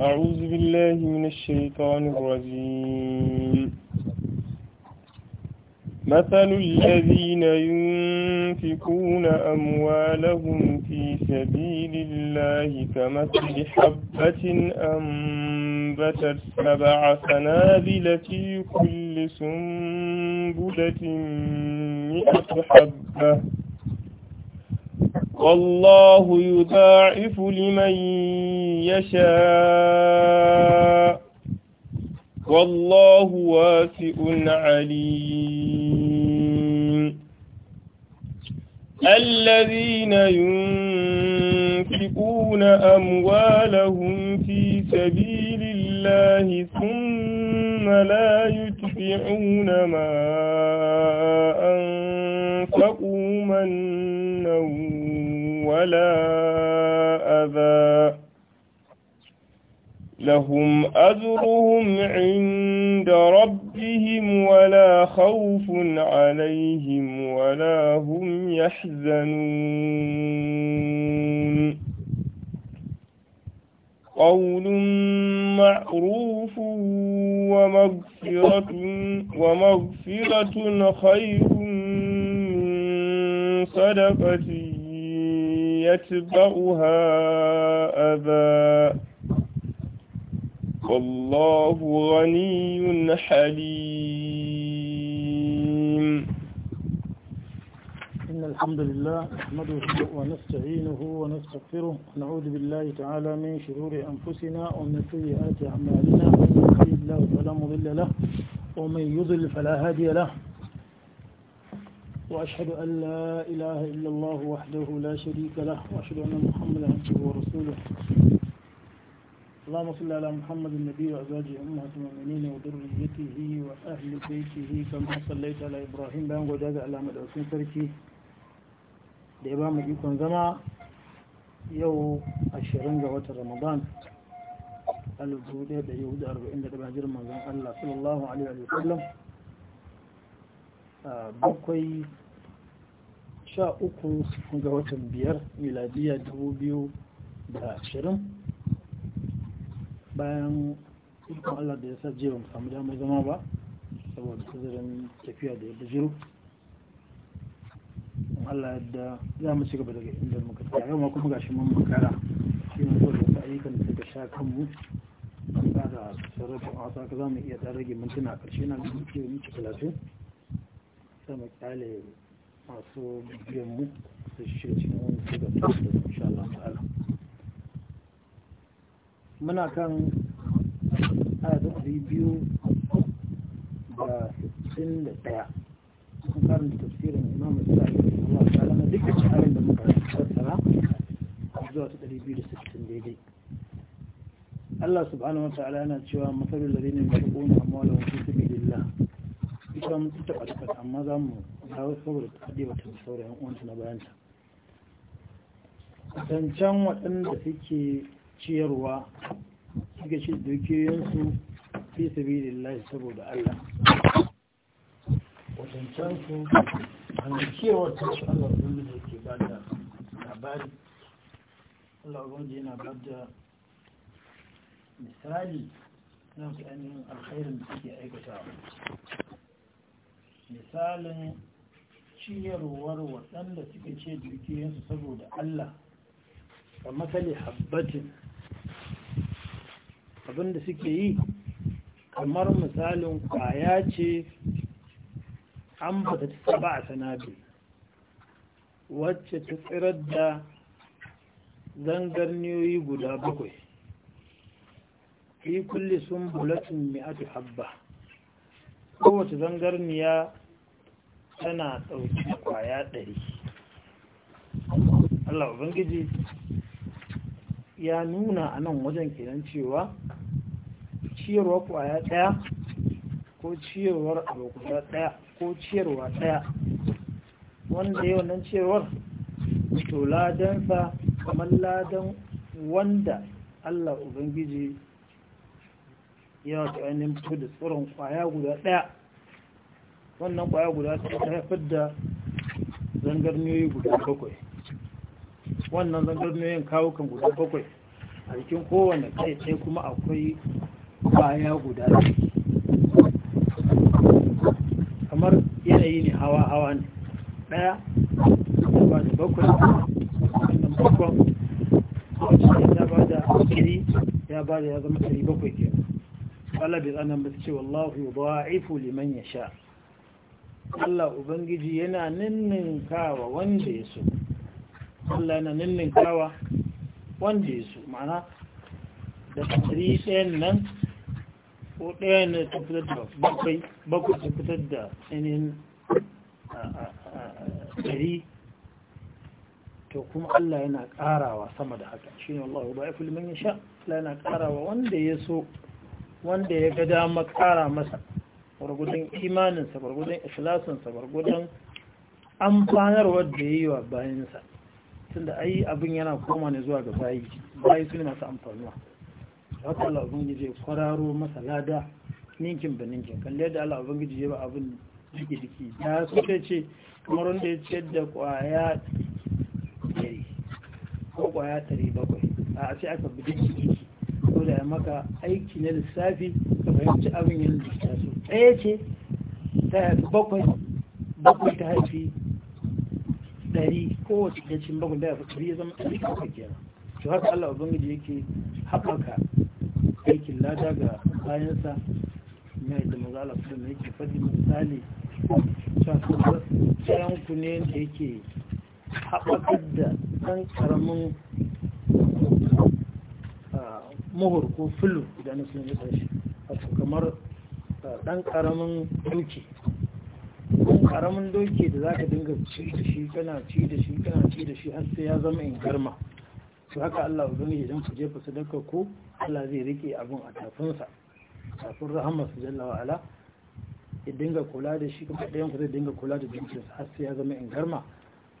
أعوذ بالله من الشيطان الرجيم مثل الذين ينفقون أموالهم في سبيل الله كمثل حبة أنبتت سبع سنابل في كل سنبلة مئة حبة والله يضاعف لمن يشاء والله واسع عليم الذين ينفقون أموالهم في سبيل الله ثم لا يتبعون ما أنفقوا منا ولا أذى لهم أجرهم عند ربهم ولا خوف عليهم ولا هم يحزنون قول معروف ومغفرة, ومغفرة خير من صدقة يتبعها أذى والله غني حليم إن الحمد لله نحمده ونستعينه ونستغفره ونعوذ بالله تعالى من شرور أنفسنا ومن سيئات أعمالنا ومن يهده الله فلا مضل له ومن يضل فلا هادي له وأشهد أن لا إله إلا الله وحده لا شريك له وأشهد أن محمدا عبده ورسوله اللهم صل على محمد النبي وأزواجه أمهات المؤمنين وذريته وأهل بيته كما صليت على إبراهيم بأن وجاد على مدعوسين تركي لإمام يكون زما يو عشرين جوات رمضان الوجودية بيهود أربعين لبهجر من الله صلى الله عليه وسلم بقي sha uku ga watan biyar miladiya dubu biyu da ashirin bayan ikon allah da ya sa jiya mu samu damar zama ba saboda kuzurin tafiya da ya bujiro allah yadda za mu ci gaba daga inda muka tsaya yau ma kuma gashi mun makara shi ne kawai wasu ayyukan da suka sha kanmu an tsada sarrafin wasa ka za mu iya tsara mintuna a ƙarshe na da muke muke talatin sama kyale masu biyan mu su shirya cikin su da tafi insha Allah ta'ala muna kan ayatun biyu da sittin da ɗaya kun karanta tafsirin imam isra'i Allah ta'ala na duk tsarin da muka tattara zuwa su ɗari biyu da sittin daidai Allah subhanahu wa ta'ala yana cewa lalini mafi ƙona amma da wasu su bi lilla. ita mutu mun tabbata amma za mu ba saboda kaɗe ba ta saura yan uwanta na bayanta zancen waɗanda suke ciyarwa suke ci dukiyoyinsu fi sabi lillahi saboda Allah wadancan su hannun ciyarwar ta da ke ba da labari Allah da yana ba da misali na su ainihin alkhairin da suke aikatawa misalin ciyarwar waɗanda suka ce dukiyansu saboda Allah da matsali habbatin abinda suke yi kamar misalin kwaya ce an ba ta ba a sanabi wacce ta tsirar da zangarniyoyi guda bakwai fi kulle sun bulatun mi'atu habba kowace zangarniya tana ɗauki kwaya ɗari Allah Ubangiji ya nuna a nan wajen kenan cewa ciyarwa kwaya ɗaya ko ciyarwar abokuta ɗaya ko ciyarwa ɗaya wanda yi nan ciyarwar to ladansa kamar ladan wanda Allah Ubangiji ya wata ainihin fito da tsoron kwaya guda ɗaya wannan kwaya guda sai ta haifar da zangarniyoyi guda bakwai wannan zangarniyoyin kawukan guda bakwai a cikin kowane kai sai kuma akwai kwaya guda kamar yanayi ne hawa-hawa ne ɗaya ta ba da bakwai wannan bakwan wacce ta ba da kiri ya ba da ya zama kiri bakwai ke ƙalabi tsanan ba su ce wallahu ya ba'ifu liman ya sha Allah Ubangiji yana kawa wanda ya so Allah yana kawa wanda ya so mana da tsari ɗayan nan ko ɗayan na tafiyar da bakwai bakwai tafitar da tsinin ɗari to kuma Allah yana ƙarawa sama da haka shi ne Allah ba ya fi ya sha Allah yana ƙarawa wanda ya so wanda ya ga dama masa gwargudun imaninsa gwargudun ikilasinsa gwargudun amfanarwar da yi wa bayansa tun da ayi abin yana koma ne zuwa ga bayi bayi su ne masu amfanuwa haka Allah ubangiji ya kwararo masa lada ninkin ba ninkin kan da Allah ubangiji ya ba abin jiki jiki ya su ta ce kamar wanda ya ce da kwaya ɗari ko kwaya ɗari bakwai a sai aka bi jiki koda ya maka aiki na lissafi ka fahimci abin yin lissafi ɗaya ce ta haifi bakwai bakwai ta haifi ɗari ko ta cin bakwai da ya fi ɗari ya zama ɗari ka fi kenan to haka Allah ubangiji yake haɓaka aikin lada ga bayansa na da maza Allah su da yake faɗi misali shafi ku ne da yake haɓakar da ɗan ƙaramin muhur ko fulu idan sun yi tsashi wato kamar eh, ɗan ƙaramin doki ɗan ƙaramin doki da za ka dinga ci da shi kana ci da shi kana ci da shi har sai ya zama in garma su haka Allah ubangiji idan ku jefa sadaka ko Allah zai rike abin a tafinsa tafin rahama su jalla wa ala ya dinga kula da shi kuma ɗayan ku zai dinga kula da jinkinsa har sai ya zama in garma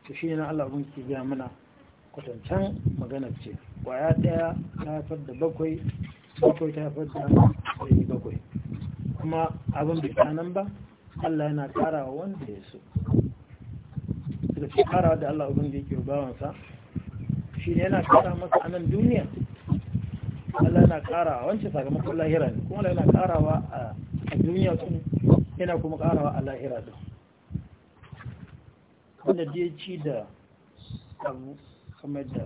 to shi ne na Allah ke gaya mana kwatancan maganar ce kwaya ɗaya ta haifar da bakwai bakwai ta haifar da ɗari bakwai kuma abin bai nan ba Allah yana ƙara wa wanda ya so Daga ce ƙara da Allah abin da yake bawansa shi ne yana ƙara masa a nan duniya Allah yana ƙara wa wancan sakamakon lahira ne kuma yana ƙara wa a duniya sun yana kuma ƙara wa a lahira ɗin wanda da ya ci da abu kamar da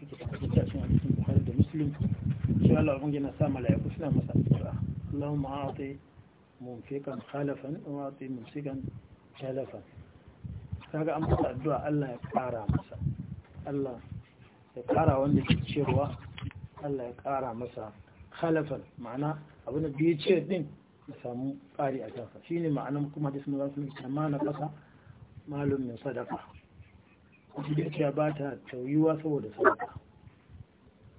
yake tabbata cikin hadisin Bukhari da Muslim cewa Allah ubangiji na sa malaiku suna masa addu'a Allahumma a'ti munfiqan khalafan wa a'ti mumsikan kaga an masa addu'a Allah ya kara masa Allah ya kara wanda ke cewa Allah ya kara masa khalafan ma'ana abin da ya ce din ya samu ƙari a kansa shine ma'anan kuma hadisin Bukhari da Muslim kana na kasa malum sadaka zuciya ba ta tauyuwa saboda sadaka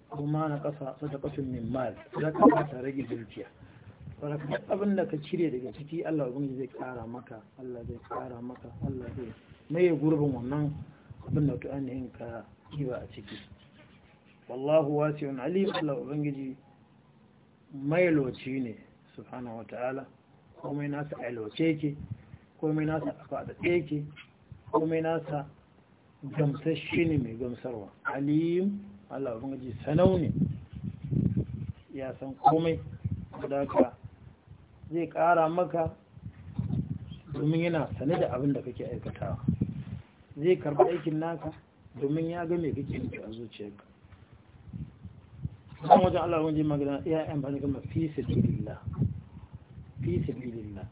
kuma na kasa sadakatun min mal zata ba ta rage zuciya faraka abin da ka cire daga ciki Allah abin zai kara maka Allah zai kara maka Allah zai maye gurbin wannan abin da tu'an yin ka kiwa a ciki wallahu wasi'un alim Allah ubangiji mai loci ne wa ta'ala komai nasa a loce komai nasa a faɗaɗe yake komai nasa gamsashe ne mai gamsarwa alim Allah ubangiji sanau ne ya san komai da ka zai kara maka domin yana sane da abin da kake aikatawa zai karbi aikin naka domin ya ga mai kake yi a zuciyarka kan wajen Allah ji magana ya amfani gama fi sabilillah fi sabilillah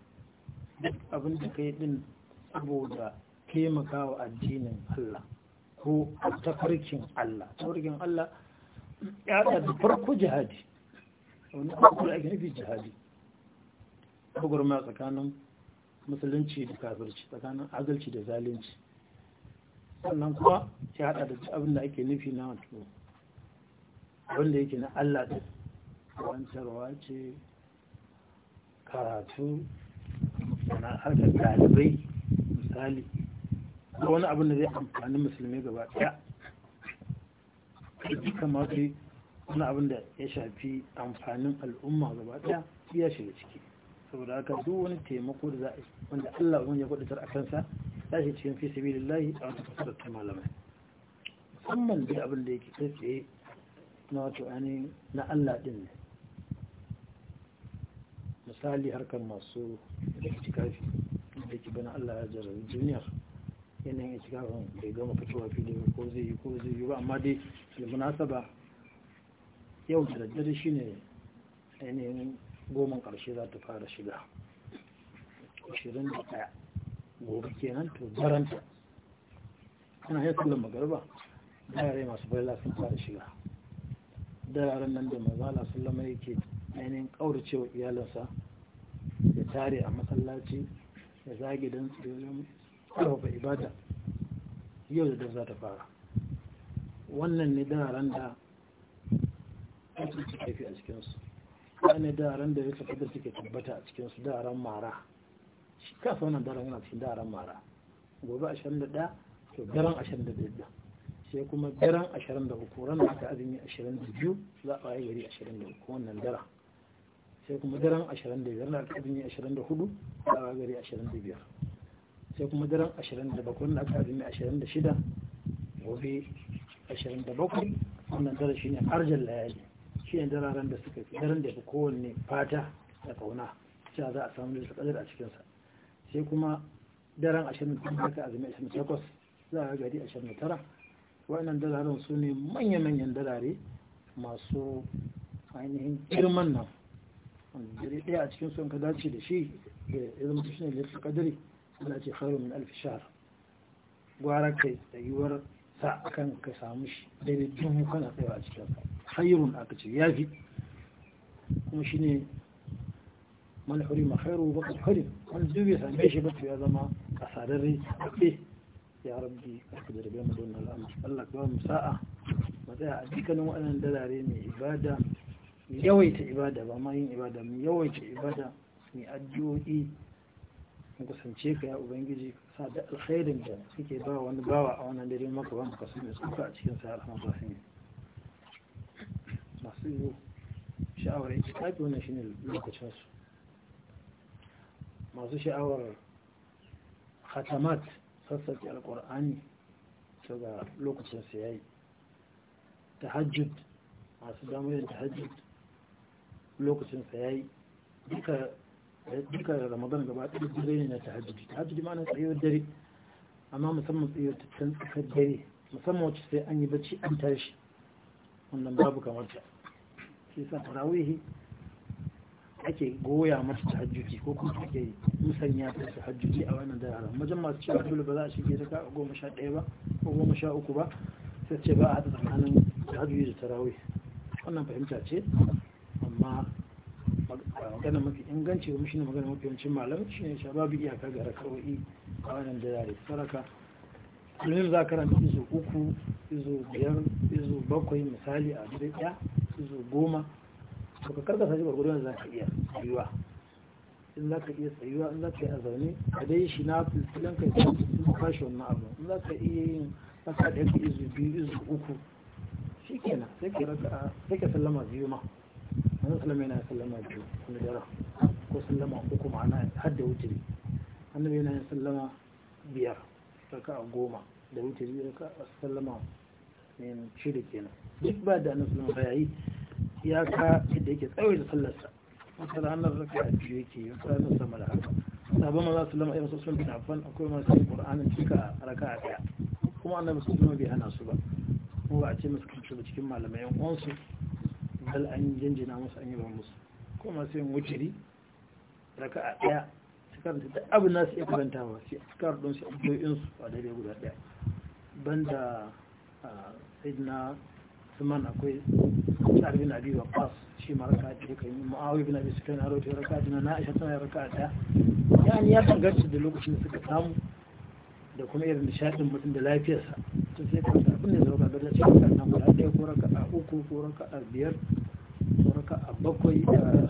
abin da kai din saboda taimaka wa addinin Allah ko tafarkin Allah tafarkin Allah ya da farko jihadi wani farko da ake nufi jihadi gwagwarma tsakanin musulunci da kafirci tsakanin agalci da zalunci sannan kuma ya hada da abin da ake nufi na wato wanda yake na Allah da wancarwa ce karatu na harkar ɗalibai misali da wani abin da zai amfani musulmi gaba daya duka ma kai wani abin da ya shafi amfanin al'umma gaba daya ya shiga ciki saboda haka duk wani taimako da za a yi wanda Allah wani ya kudatar a kansa ya shi cikin fi sabilillahi a wata fasarar ta malamai musamman da abin da yake kai tsaye na wato ainihin na Allah din ne misali harkar masu da cikafi da ke bana Allah ya jarar duniyar yanayin da bai gama fitowa fili ba ko zai yi ko zai yi ba amma dai munasaba. yau da daddare shi ne ainihin goma ƙarshe za ta fara shiga 21 gobe kenan to baranta ana yi kullum magarba yare masu baila sun fara shiga dararen nan da mazala lama yake ainihin ƙauracewa iyalinsa ya tare a masallaci ya zagi don tsirin ƙarfafa ibada yau da za ta fara wannan ne daren da ake tafi a cikinsu wani daren da ya da suke tabbata a cikinsu daren mara shi kasa wannan daren yana cikin daren mara gobe 21 to daren 21 sai kuma daren 23 ran aka azumi 22 za a yi gari 23 wannan daren sai kuma daren 25 ran aka azumi 24 za a yi gari 25 sai kuma daren 27 wannan aka azumi 26 gobe 27 wannan shi ne arjal layali shi ne dararen da suka fi daren da fi kowanne fata da kauna cewa za a samu da sakadar a cikinsa sai kuma daren 28 aka azumi 28 za a gari 29 wa'annan dararen su ne manya-manyan darare masu ainihin girman nan wanda dare daya a cikin sun ka dace da shi da ya zama shi ne da kadari التي خير من ألف شهر وعرك يور ساعة كان كسامش بين الدم كان قواج خير أكتر يافي مشيني من حرم خير وبقت حرم من زوية سامش بس في هذا ما أسرري أكيد يا ربي أقدر بيوم دون الأمر الله قام ساعة مثلا أديك أنا وأنا ندارين عبادة يويت عبادة وما ين عبادة يويت عبادة مي أديو إيه mu kusance ka ya ubangiji sa da alkhairin da suke ba wani bawa a wannan dare maka wani kasu mai tsoka a cikin sa'ar rahim masu sha'awar iki tafi wannan shine lokacin su masu sha'awar khatamat sassaki alkur'ani ta ga lokacin su yayi tahajjud masu damar yin tahajjud lokacin sa yayi duka duka ramadan gaba ɗaya dare ne na tahajjudi tahajjudi ma na tsayuwar dare amma musamman tsayuwar tattan tsakar dare musamman wacce sai an yi bacci an tashi wannan babu kamar ta shi sa tarawihi ake goya ta tahajjudi ko kuma ake musanya ta tahajjudi a wannan dare wajen masu cewa dole ba za a shige ta ka goma sha ɗaya ba ko goma sha uku ba sai ce ba a haɗa tsakanin tahajjudi da tarawihi wannan fahimta ce amma magana mafi inganci kuma shine magana mafi yawancin shi ne shababi iyaka ga rakawoyi a wannan yare saraka kullum za karanta izo uku izo biyar izo bakwai misali a dare ɗaya izo goma to ka karkasa shi gwargwadon za ka iya tsayuwa in za ka iya tsayuwa in za ka yi a zaune a dai shi na filfilan ka yi kwashe wannan abu in za ka iya yin masa da yake izu biyu izu uku shi kenan sai ka sallama biyu ma manzon sallama yana sallama biyu kuma dara ko sallama uku ma'ana har da wutiri annabi yana yin sallama biyar raka a goma da wutiri raka a sallama ne eh, shida kenan duk ba da annabi sallama ya yi ya ka yadda yake tsawaita sallarsa wasu ranar raka a biyu yake yi wasu ranar sama da haka sabon za su lama irinsu sun tafan akwai masu ƙur'anin cika raka a ɗaya kuma annabi su bai hana su ba kuma ba a ce musu kan cikin malamai yan uwansu hal an jinjina musu an yi ba musu ko masu yin wuciri raka a daya su karanta da abu nasu iya karantawa sai a kar don su abdoyinsu a daidai guda ɗaya banda sayidina suman akwai sa'ar bin abi ba shi ma raka ɗaya kan yi ma'awai bin abi su kan na ta raka ɗaya na aisha tana raka ɗaya ya ni ya tangarci da lokacin da suka samu da kuma irin nishadin mutum da lafiyarsa to sai ka tafi ne da zama da shi ka nan guda ɗaya ko raka a uku ko raka a biyar ko raka a bakwai da eh,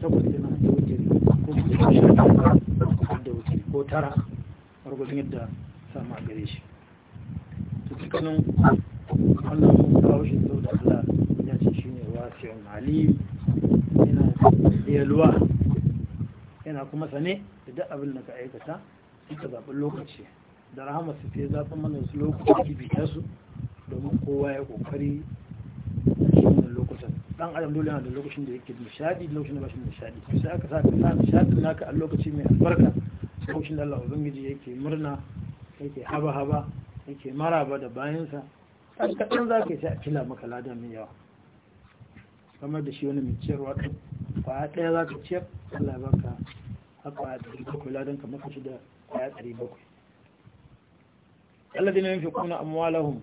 takwas da nan da wuce ko da wuce ko tara gwargwadon yadda sama a gare shi to dukkanin Allah mun kawo shi sau da Allah ya ce shi ne wasiyon alim yana yalwa yana kuma sane da duk abin da ka aikata ka zaɓi lokaci da rahama su za su mana wasu lokutan kibita su domin kowa ya ƙoƙari wannan lokutan ɗan adam dole yana da lokacin da yake nishadi lokacin da ba shi nishadi sai aka sa ka sa nishadin naka a lokaci mai albarka lokacin da Allah ubangiji yake murna yake haba-haba yake maraba da bayansa ɗan kaɗan za ka yi sai a kila maka lada mai yawa kamar da shi wani mai ciyarwa ɗin kwaya ɗaya za ka ciyar Allah baka haka a ɗari bakwai ladan ka maka shi da kwaya ɗari bakwai alladhina yunfiquna amwalahum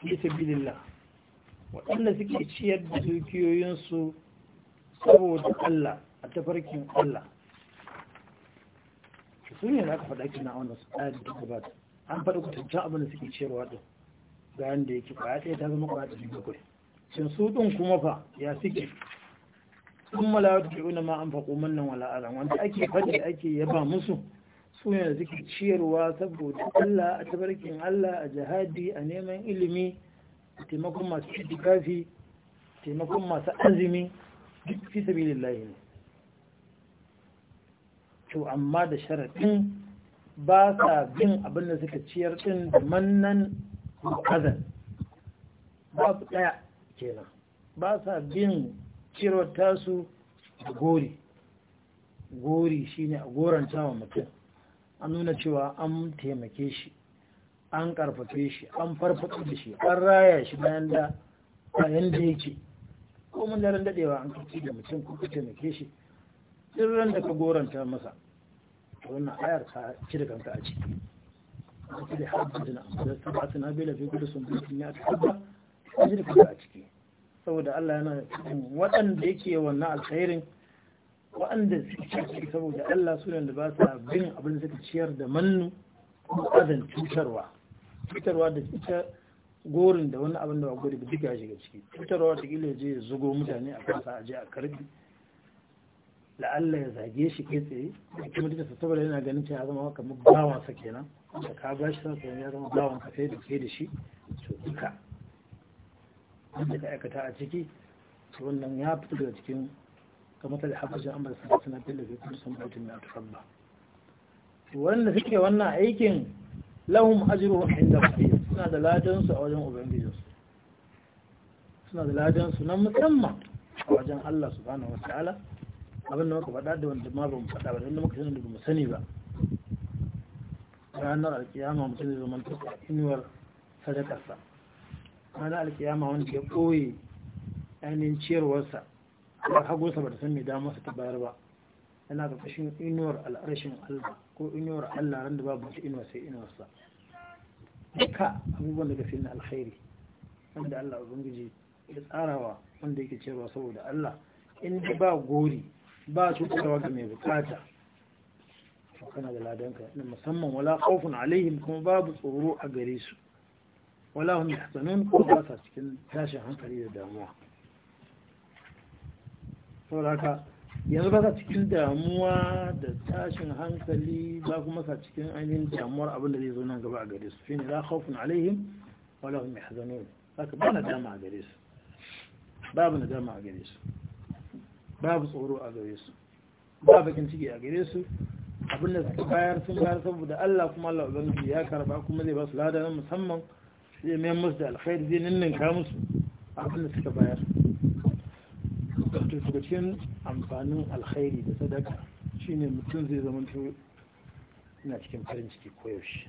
fi sabilillah waɗanda suke ciyar da su saboda Allah a tafarkin Allah su ne da aka faɗa kina a wannan tsari da gabata an faɗa kutancan abin da suke ciyarwa ɗin bayan da yake kwaya ɗaya ta zama kwaya ɗari bakwai shin su ɗin kuma fa ya suke sun malawa da ke ma an faƙo mannan wala'aran wanda ake faɗi ake yaba musu suna zikir ciyarwa saboda Allah a tabarkin Allah a jihadi a neman ilimi a taimakon masu a taimakon masu azumi duk fi layi ne to amma da sharaɗin ba sa bin abin suka ciyar ɗin da mannan ba babu ɗaya kenan ba sa bin ciyarwar tasu da gori gori shine a goranta wa mutum an nuna cewa an taimake shi an karfafe shi an farfaɗo da shi an raya shi bayan da bayan da yake ko mun daren dadewa an kuci da mutum ko ka taimake shi duk ran da ka goranta masa wannan ayar ka cire kanka a ciki ka da hajjina da tabatuna bila fi sun sunnatin ya ta ba cire kanka a ciki saboda Allah yana waɗanda yake wannan alkhairin waɗanda suke ciki saboda Allah su da ba sa bin abin da suka ciyar da mannu ko adan cutarwa cutarwa da ita gorin da wani abin da ba gori duka ya shiga ciki cutarwa ta kila je zugo mutane a kan a je a karbi allah ya zage shi kai tsaye da kuma duka sa saboda yana ganin cewa zama kamar bawan sa kenan da ka ba shi sa ya zama bawan ka sai da kai da shi to duka wanda ka aikata a ciki wannan ya fito daga cikin da suna حبج أمر سنة الذي كل سمرة من Wanda suke wannan aikin أيكن لهم a inda ربهم suna da ladansu a wajen ubangijinsu suna da ladansu na musamman a wajen Allah subhanahu wa ta'ala abin da muka faɗa da wanda ma ba mu faɗa ba da muka sani da ba mu sani ba ranar alkiyama mutum zai zama ta inuwar sadakarsa ranar alkiyama wanda ya ɓoye ainihin ciyarwarsa kamar hagunsa ba ta san mai su ta bayar ba yana ga kashin inuwar al'arshin Allah ko inuwar Allah ran da babu wata inuwa sai inuwarsa duka abubuwan daga na alkhairi wanda Allah ubangiji ya tsarawa wanda yake cewa saboda Allah in ba gori ba cutarwa ga mai bukata to kana da ladanka na musamman wala khawfun alaihim kuma babu tsoro a gare su wala hum yahzanun ko ba sa cikin tashin hankali da damuwa sauraka yanzu ba ka cikin damuwa da tashin hankali ba kuma ka cikin ainihin damuwar abin da zai zo nan gaba a gare su shi ne ka khawfun alaihim wala hum yahzanun haka ba na dama a gare su babu na dama a gare su babu tsoro a gare su ba bakin ciki a gare su abin da suka bayar sun bayar saboda Allah kuma Allah ubangiji ya karba kuma zai ba su lada na musamman zai mayar musu da alkhairi zai ninninka musu abin da suka bayar to daga amfanin alkhairi da sadaka shine mutum zai zama to ina cikin farin ciki koyaushe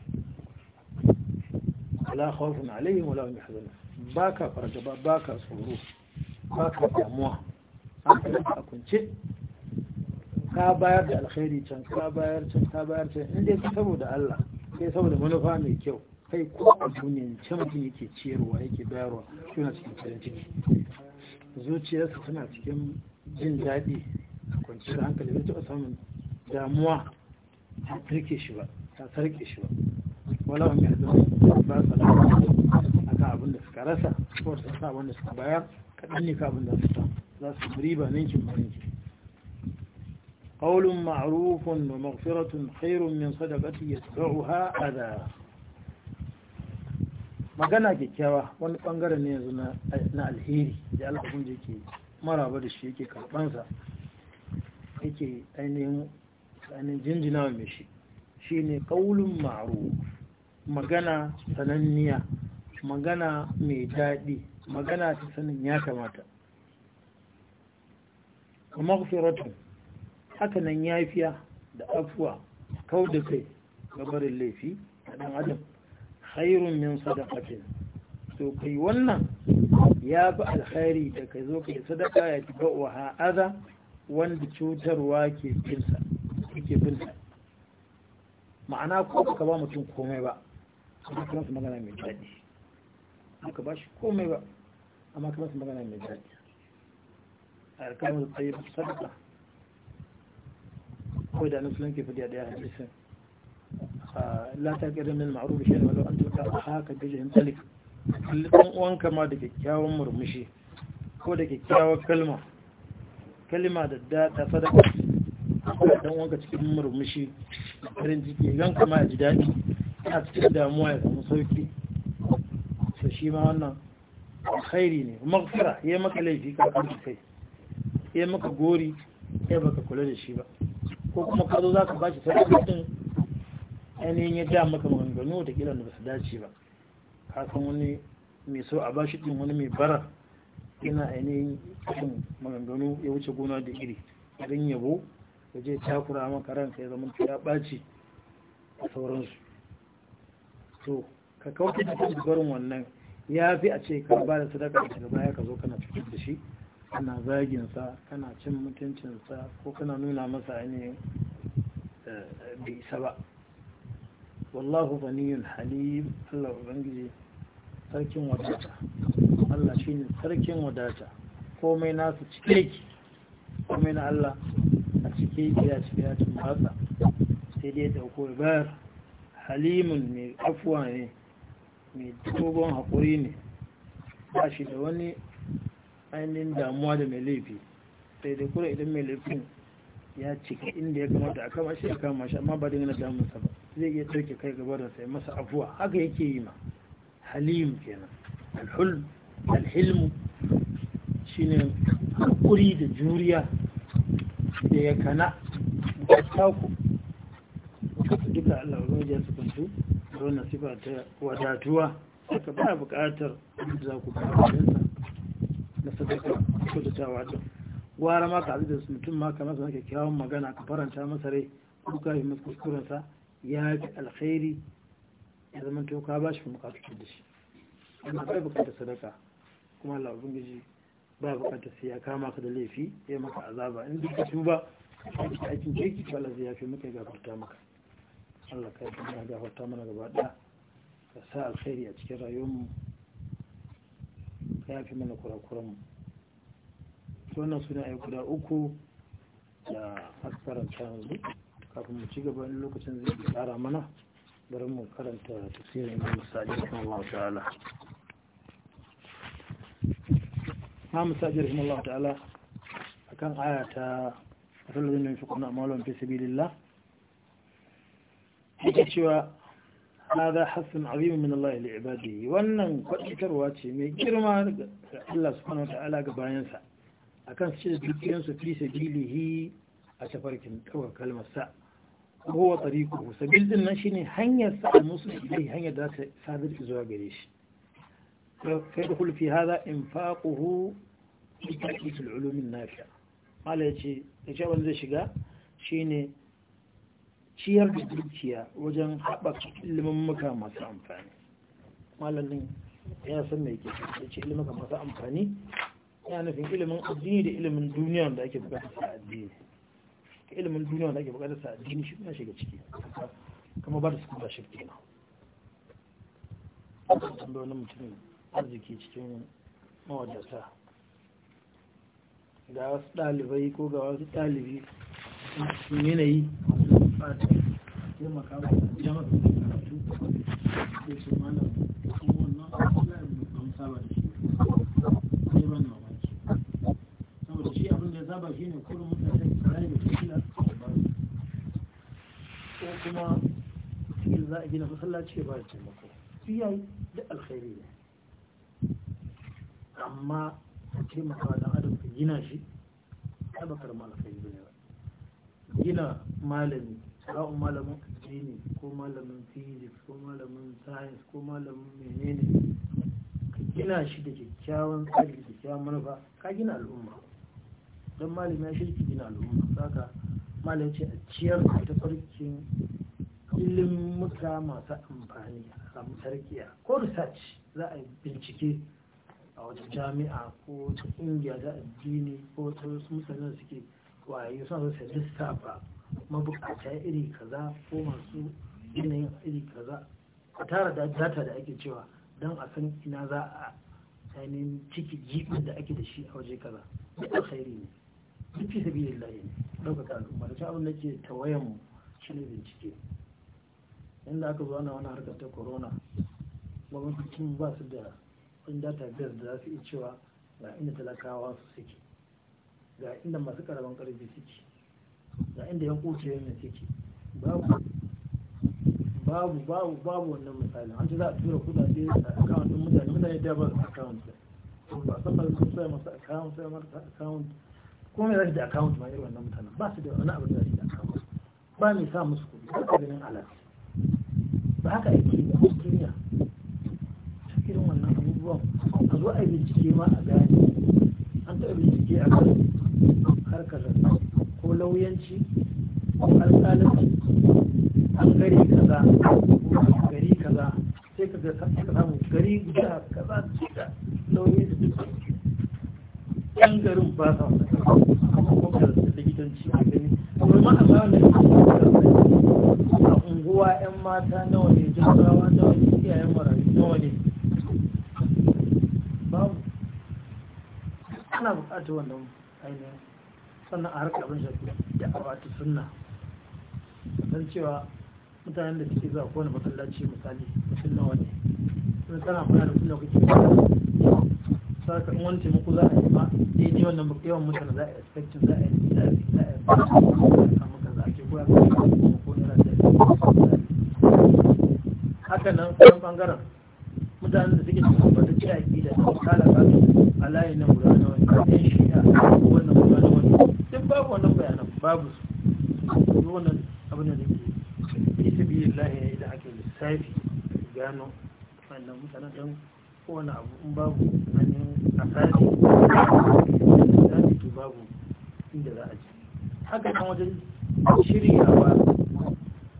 wala khawfun alaihim wala hum yahzanun baka fargaba baka tsoro baka damuwa an ka kunce ka bayar da alkhairi can ka bayar can ka bayar can inda ka saboda Allah sai saboda manufa mai kyau kai ko a duniyan can mutum yake ciyarwa yake bayarwa yana cikin farin ciki zuciyarsa suna cikin jin daɗi a kwanciyar hankali zai taɓa samun damuwa a turke shi ba ta sarke shi ba wala wani yanzu ba su a kan abin da suka rasa ko su sa wanda suka bayar kaɗan ne ka abin da suka. za su riba ninkin marinki قول معروف ومغفرة خير من صدقة يتبعها أذى magana kyakkyawa wani bangare ne yanzu na alheri da alhakun da yake maraba da shi yake karbansa yake ainihin jinjina wa mai shi shi ne kaulun maru magana sananniya magana mai daɗi magana ta sanin ya kamata kuma kufiratun hakanan yafiya da afuwa kau da kai gabarin laifi a ɗan adam khairun min sadaqatin to kai wannan ya fi alkhairi da ka zo kai sadaka ya ci ha ha'aza wanda cutarwa ke binsa ke bin ma'ana ko ka ba mutum komai ba amma kuma su magana mai daɗi ka ba shi komai ba amma kuma su magana mai daɗi a yarkar mutu tsaye sadaka ko da sunan ke fadiya daya a hadisin la ta ƙirin min ma'aruf da ne walau an tuta a haka gaji in talik kalli ɗan uwan ma da kyakkyawan murmushi ko da kyakkyawar kalma kalma da da ta sadaka ɗan uwan ka cikin murmushi farin ciki idan kuma ya ji daɗi a cikin damuwa ya samu sauki to shi ma wannan alkhairi ne maghfira ya maka laifi ka kanka kai yayi maka gori kai baka kula da shi ba ko kuma ka zo ka bashi sadaka din ainihin ya ja maka maganganu watakila da ba su dace ba kasan wani mai so a bashi ɗin wani mai bara ina ainihin kashin maganganu ya wuce gona da iri idan yabo ya je takura maka ranka ya zama ya ɓaci a sauransu to ka kautar da kan barin wannan ya fi a ce ka ba da sadaka a shiga baya ka zo kana cikin da shi kana zaginsa kana cin mutuncinsa ko kana nuna masa ainihin da eh, isa ba wallahu ganiyun halim Allah ubangiji sarkin wadata Allah shine sarkin wadata komai nasu cike yake komai na Allah a cike yake ya cike ya tumbatsa sai dai da hukuri bayar halimun mai afuwa ne mai dogon haƙuri ne ba shi da wani ainihin damuwa da mai laifi sai dai kura idan mai laifin ya cika inda ya kamata a kama shi a kama shi amma ba dangane damunsa ba zai iya turke kai gaba da sai masa afuwa haka yake yi ma halim kenan alhulm alhilmu shine hakuri da juriya da ya kana da taku duka Allah wajen su kantu da wannan ta wadatuwa saka ba buƙatar za ku kawajensa na sadaka gwara maka ka da su mutum maka masa na kyakkyawan magana ka faranta masa rai ko kafin masu kuskurensa ya fi alkhairi ya zama to ka ba shi kuma ka da shi amma bai sadaka kuma Allah ba bukatar sai ya kama ka da laifi ya maka azaba in duk ka tuba aikin jeki to Allah zai fi maka ya gafarta maka Allah ka yi mana gafarta mana gaba ɗaya ka sa alkhairi a cikin rayuwarmu ka fi mana kurakuranmu wannan suna ayyuka guda uku da aka karanta kafin mu ci gaba wani lokacin zai tsara mana bari mu karanta tafsirin misali sa'id Allah ta'ala misali sa'id Allah ta'ala akan aya ta asalin ya fi kuma amalan fi sabilillah yake cewa hada hasan azim min Allah li ibadihi wannan kwaditarwa ce mai girma daga Allah subhanahu ta'ala ga bayansa akan su ce dukiyar su fi sabilihi a safarkin kawar kalmar sa kowa huwa tariquhu sabil din nan shine hanyar sa musu ilai hanyar da ta sadar zuwa gare shi kai da fa yadkhul fi hadha infaquhu ki ta'kid al-ulum an-nafi'a mala ya yace wanda zai shiga shine ciyar da dukiya wajen haɓaka ilimin muka masu amfani malamin ya san mai ke da ce ilimin masu amfani ya nufin ilimin addini da ilimin duniya da ake bukata a addini ilimin duniya da ake bukatar sa addini shi kuma shiga ciki kuma ba da scholarship tambayar wani mutum arziki cikin ga wasu ɗalibai ko ga wasu ɗalibi sun yanayi ba da taimaka ba jama'a karatu da su kuma wannan ba da shi ne mamaki saboda shi abin da ya saba shi ne a gina masallaci ya ba da taimako su yayi da alkhairi ne amma a taimaka da adam ka gina shi ka ta bakar malakai ne ba gina malami sa'un malamin addini ko malamin physics ko malamin science ko malamin menene ka gina shi da kyakkyawan tsari da kyakkyawan manufa ka gina al'umma don malami ya shirki gina al'umma saka malam ce a ciyar ta tsarkin mutuwa masu amfani a samu ko research za a bincike a wata jami'a ko wata ƙungiya ta addini ko wata mutanen suke waye suna zo su lissafa mabukata iri kaza ko masu yanayin iri kaza a tara da data da ake cewa don a san ina za a ainihin ciki jibin da ake da shi a waje kaza duk alkhairi ne duk fi sabi lalai ne ɗaukaka al'umma da ta abin da ke tawayen mu shi ne bincike inda aka zo ana wani harkar ta corona gwamnatin ba su da wani data base da za su iya cewa ga inda talakawa su suke ga inda masu karamin karfi suke ga inda ya kuce yana suke babu babu babu babu wannan misalin an ce za a tura kudade a account din mutane mutane da ba su account ba san ba su sai masu account sai masu account ko me za da account ma irin wannan mutanen ba su da wani abu da za su da account ba mai sa musu kudi ba su ganin alaƙa ba haka ake ke a duniya cikin wannan abubuwan a zo a bincike ma a gani an taɓa bincike a kan harkar ko lauyanci ko alƙalanci an gari kaza gari kaza sai ka ga samu gari guda kaza ka lauyoyi da duk yan garin ba sa wata kuma kuma mutunci a gani a da matasa wanda a unguwa yan mata nawa ne jarawa nawa ne iyayen marari nawa ne babu ana bukatar wannan ainihin sannan a harkar abin shafi da abatu sunna don cewa mutanen da suke zuwa kowane masallaci misali mutum nawa ne sun tana kuna da sunna kuke sarka in wani taimako za a yi ma daidai wannan yawan mutane za a yi za a yi zafi za a yi samu ka za a ke koya kuma ko yana da haka nan kan bangaren mutanen da suke cikin wata ce aƙida da kala ba a layin nan guda na wani ɗan shiya wannan guda na wani duk babu wannan bayanan babu su wannan abin da nake fi sabilillahi da ake lissafi gano wannan mutanen ɗan kowane abu in babu hannun asali za su babu inda za a ci haka kan wajen shiryawa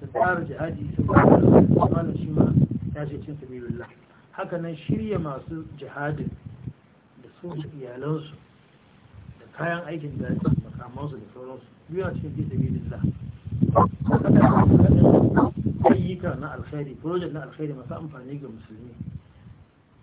da tsara jihadi sun ba malam shi ma ya ce cin sabilillah haka nan shirya masu jihadin da su da iyalansu da kayan aikin da makamansu da sauransu biyu a cikin fi sabilillah ayyuka na alkhairi project na alkhairi masu amfani ga musulmi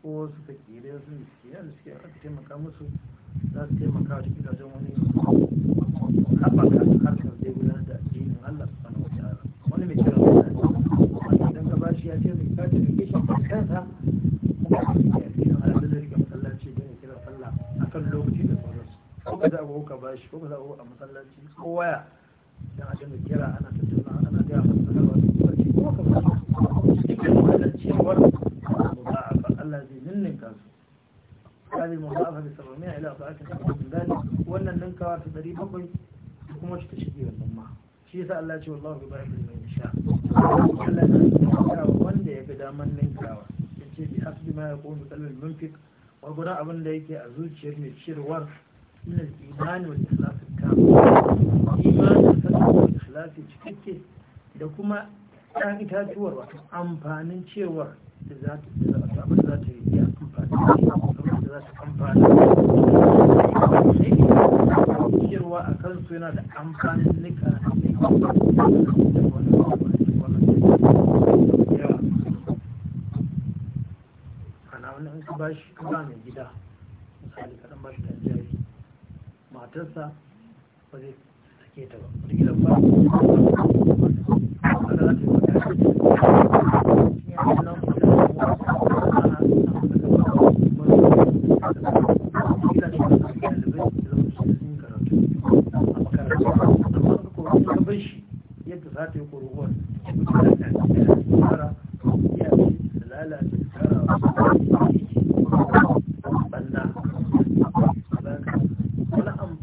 ko wasu fakirai wasu miskinai da suke aka taimaka musu Allah ce wallahu ba ibn man yasha Allah wanda ya fi daman ninkawa yace bi hasbi ma yaqulu qalbul munfiq wa gudan abin da yake a zuciyar mai ciyarwar min al-iman wal ikhlas ka iman da ikhlas cikakke da kuma ɗan itatuwar amfanin cewar da za ta yi amfani da da za su amfana ciyarwa a kansu yana da amfanin nika ana wani in ba shi ba mai gida misali ka ba shi dan jari matarsa ba zai sake ta ba wata gida ba ana za ta yi yadda za ta yi kuruwar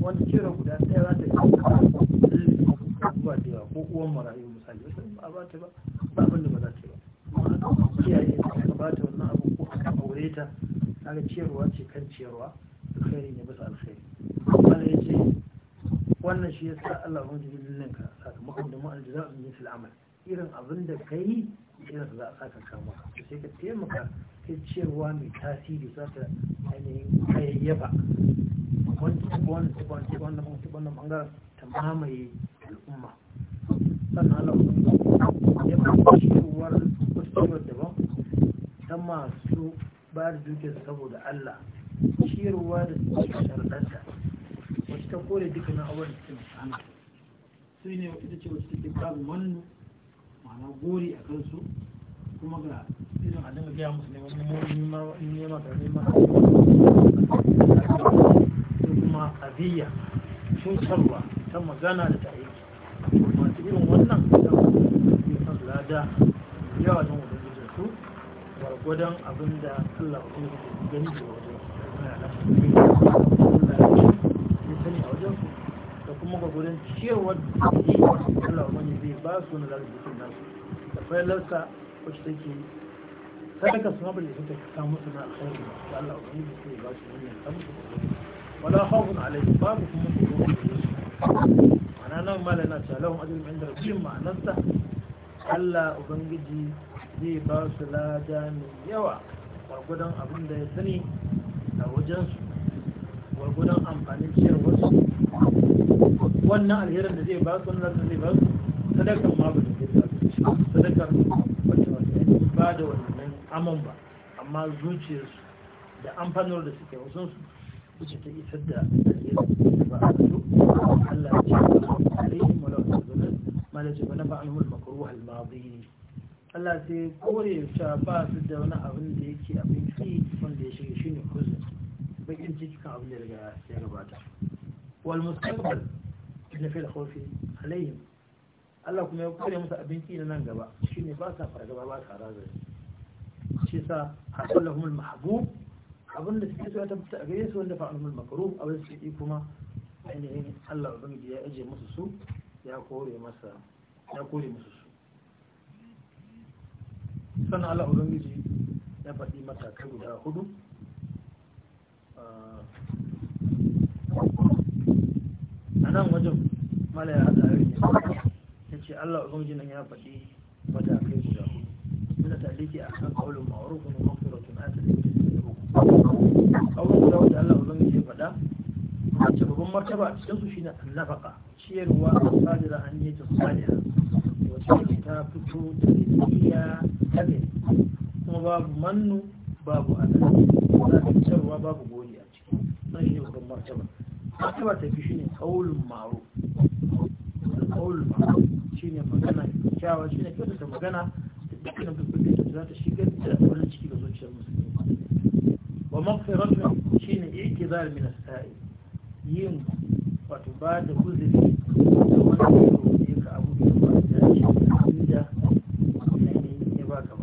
wani cire guda ɗaya za ta yi abubuwa da yawa ko uwan marayu misali wasu ba ba ba da ba za ta yi ba kiyaye ka ba ta wannan abu ko ka aure ta kaga ciyarwa ce kan ciyarwa alkhairi ne bisa alkhairi wanda ya ce wannan shi yasa Allah ya wani jirgin ka sakamakon da ma'al jaza min jinsil amal irin abin da ka yi irin za a saka kama sai ka taimaka kai ciyarwa mai tasiri za ta ainihin kayayyaba wani ta wanda ta wanda ta wanda ta wanda bangaren ta mamaye al'umma sannan Allah ya ba ciyarwar wasu ciyarwar daban ta masu ba da dukiyarsa saboda Allah ciyarwa da sharɗanta wacce ta kore na abubuwan da suke masana su ne ita ce wacce take babu mannu ma'ana gori a kansu kuma ga irin a dinga gaya musu neman nema da nema da kuma sun sarwa ta magana da ta aiki masu irin wannan da lada yawa don wadannan gwargwadon abin da Allah gani da wajen ya a da kuma gwargwadon cewar da yi Allah wani zai ba su na zarafin nasu da failarsa wacce take sadaka su mabar da su suna alkhairu da Allah wani zai ba su wani samu wala alaihi babu kuma da ma'ana nan lahun inda ma'anarsa Allah Ubangiji zai ba su lada mai yawa gwargwadon abin da ya sani a wajensu gwargwadon amfanin ciyarwarsu wannan alherin da zai ba su wannan da zai ba su sadakar ma ba zai ba su sadakar wata wata ba da wannan amon ba amma zuciyarsu da amfanar da suke wasansu suke ta isar da alherin ba a su Allah ya ce ba su alaihim wala wasu zunar malaji ba na ba'an hulmakar wahal ma'adini Allah sai kore cewa ba su da wani abin da yake abin ki wanda ya shiga shi ne kuzin bakin cikin abin da daga ya gabata wal mustaqbal inna fil khawfi alaihim Allah kuma ya kore musu abin ki na nan gaba shi ne ba sa fargaba ba sa razana shi sa a hasallahumul mahbub abin da suke so ya tabbata a gare su wanda fa'alhumul makruh a da suke kuma ainihin Allah ya aje musu su ya kore masa ya kore musu su sannan Allah ubangiji ya faɗi matakai guda hudu a nan wajen mala ya haɗa harin ya ce Allah ubangiji nan ya faɗi matakai guda hudu suna taliki a kan ƙaunin ta mafiratun a tattalin ƙaunin guda wanda Allah ubangiji ya faɗa a cikin babban martaba a cikinsu shi na nafaka ciyarwa a an yi ta sajira wacce ta fito da iya tabe kuma babu mannu babu ana zartarwa babu goyi a ciki na shi ne babban martaba martaba ta fi shi ne kaulun maro kaulun maro shi ne magana kyawa shi ne kyautata magana da dukkan bubbukin da za ta shigar da wani ciki ga zuciyar musulmi wa maghfiratun shi ne i'tizar ke as-sa'i yin wato ba da kuzuri da wani abin da ya baka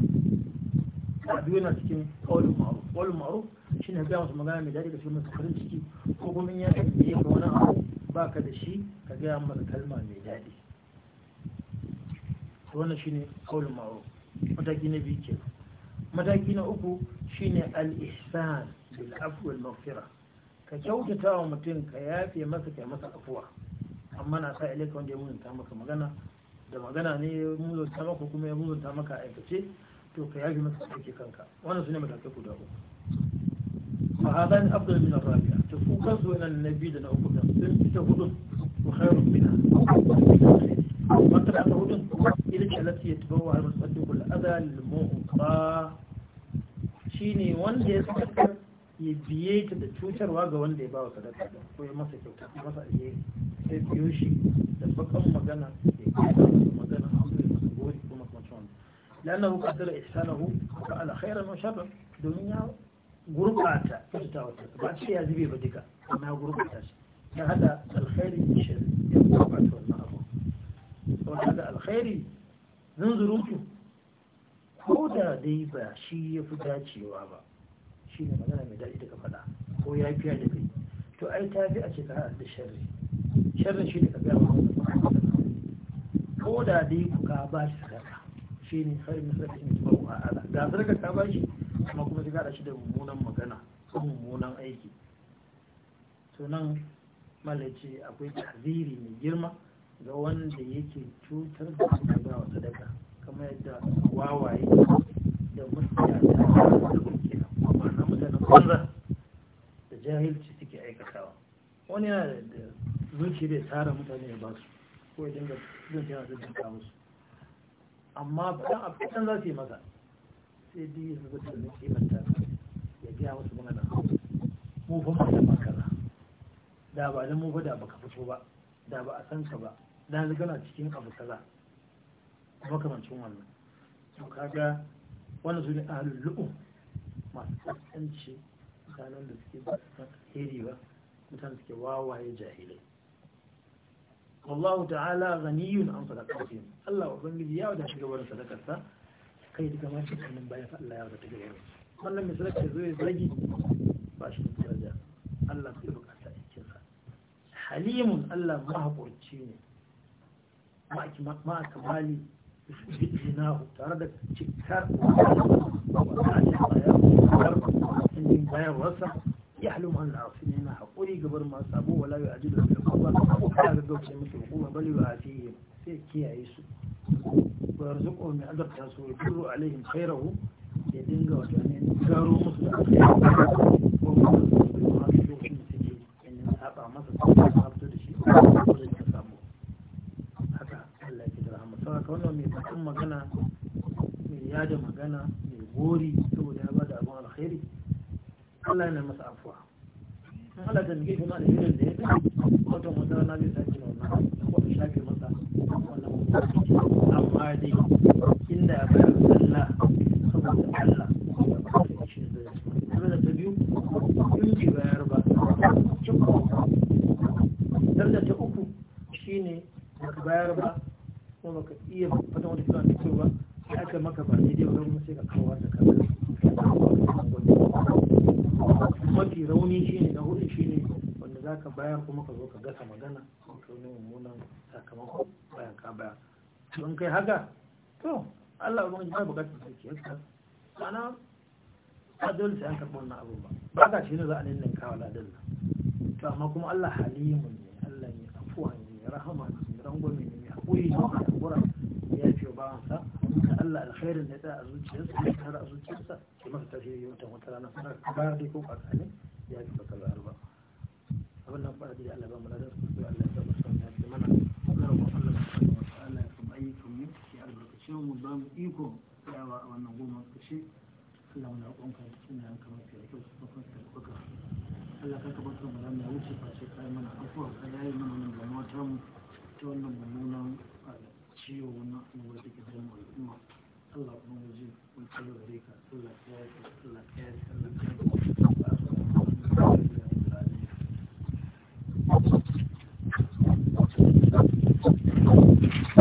ba a biyu yana cikin kawalin ma'aruf kawalin ma'aruf shi ne gaya masu magana mai daɗi da shi masu ciki ko kuma ya kan da yake wani abu ka da shi ka gaya masa kalma mai daɗi wannan shi ne kawalin maru. mataki na biyu kenan mataki na uku shine al-ihsan da afw wal maghfira ka kyautata wa mutum ka yafe masa kai masa afuwa amma na sa ilaika wanda ya munta maka magana da magana ne ya ta maka kuma ya ta maka aikace to ka yafi masa sauke kanka wannan sune matakai guda uku fa hadan afdal min ar-rabi'a to ku kansu wannan nabi da na uku da sun fita hudu ku khairu minha wata ta hudun ita ce lati ya tabawa al-mustaqbil adha lil Shi shine wanda ya saka ya biye ta da cutarwa ga wanda ya ba wa sadaka ko ya masa kyauta masa alheri sai biyo shi da bakan magana لأنه قدر إحسانه على خير من وشر دنيا غروب عاتا بعد شيء هذه بي بديكا أما غروب عاتا هذا الخير الشر يبقى بعد وهذا الخير ننظر انتو خودا ديبا شي يفدا شي وابا شي لما نعم دائي دكا فدا هو يأي بيا لكي تو أي تابعة كها الشر شر شي لكا dai ku ka ba shi sadaka shi ne sai misali in ba ku ala ga sadaka ka ba shi amma kuma sai ka shi da mummunan magana ko mummunan aiki to nan malaci akwai tahziri mai girma ga wanda yake cutar da su wa sadaka kamar yadda wawaye da mutane da mutane banza da jahilci suke aikatawa wani yana da zuciya da tsara mutane ya ba su ko idan dinga zai yana duka musu amma ba a fitan za su yi maza sai duk yin zuwa da kimanta ya gaya wasu magana mu fa mu yamma kaza da ba da mu fa da baka fito ba da ba a san ka ba da yanzu kana cikin abu kaza makamancin wannan to kaga wani su ne ahlul lu'um masu tsantsanci mutanen da suke ba su san alheri ba mutanen suke wawaye jahilai wallahu ta'ala ghaniyun an sadaqatihim Allah ubangiji ya wadata ga wurin sadakarsa kai duka ma shi baya bayan Allah ya wadata ga wurin wannan mai sadaka zo ya zagi ba shi daraja Allah ya bukata aikin sa halimun Allah mahaƙurci ne ma'a kamali zinahu tare da cikar wata bayar cikin bayan wasa ya halima na afin haƙuri gabar masu abu wala yi ajiyar da kuma kuma ga gauce mutu kuma bali wa fi yi sai kiyaye su ba ya zuƙo mai azabta su ya turo alayhin kairahu ya dinga wata ne garo musu da aka yi ko kuma su ne su ne su ke yanyin saba masa su ne su haftar da shi ko da ya samu haka allah ya fi da rahama sauraka wannan mai fatan magana mai yada magana mai gori Allah yana masa afuwa Allah da nige kuma alherin mafi rauni shi ne na hudu shi ne wanda za ka bayar kuma ka zo ka gasa magana ka wani mummunan sakamako bayan ka bayar don kai haka to allah ubangiji ba bukatar dukiyarka ana ba dole sai an karɓi wannan abu ba ba ka shi ne za a ninnin kawo ladan nan to amma kuma allah halimun ne allah ne afuwa ne rahama ne rangwame ne mai haƙuri ne a haƙura ya ce wansa. da Allah alkhairin da ya tsaya a zuciyarsa ya tsara a zuciyarsa ke masa tarihi wata wata rana suna ba dai ko tsakanin ya fi baka zaru ba abin nan fara da Allah ba mu da su ko Allah ya ba su ya mana Allah ba Allah subhanahu ya kuma ayyukan mu ba mu iko tsayawa a wannan goma kashe Allah mu na ƙonka suna yanka mafi da kyau su kuma tsarkuka Allah ka kaba mu wuce face mana afuwa ka yayi mana mu ta wannan mummunan shi yau wannan annabi da ke zama al'umma Allah kuma waje mun kallo gare ka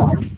Thank you.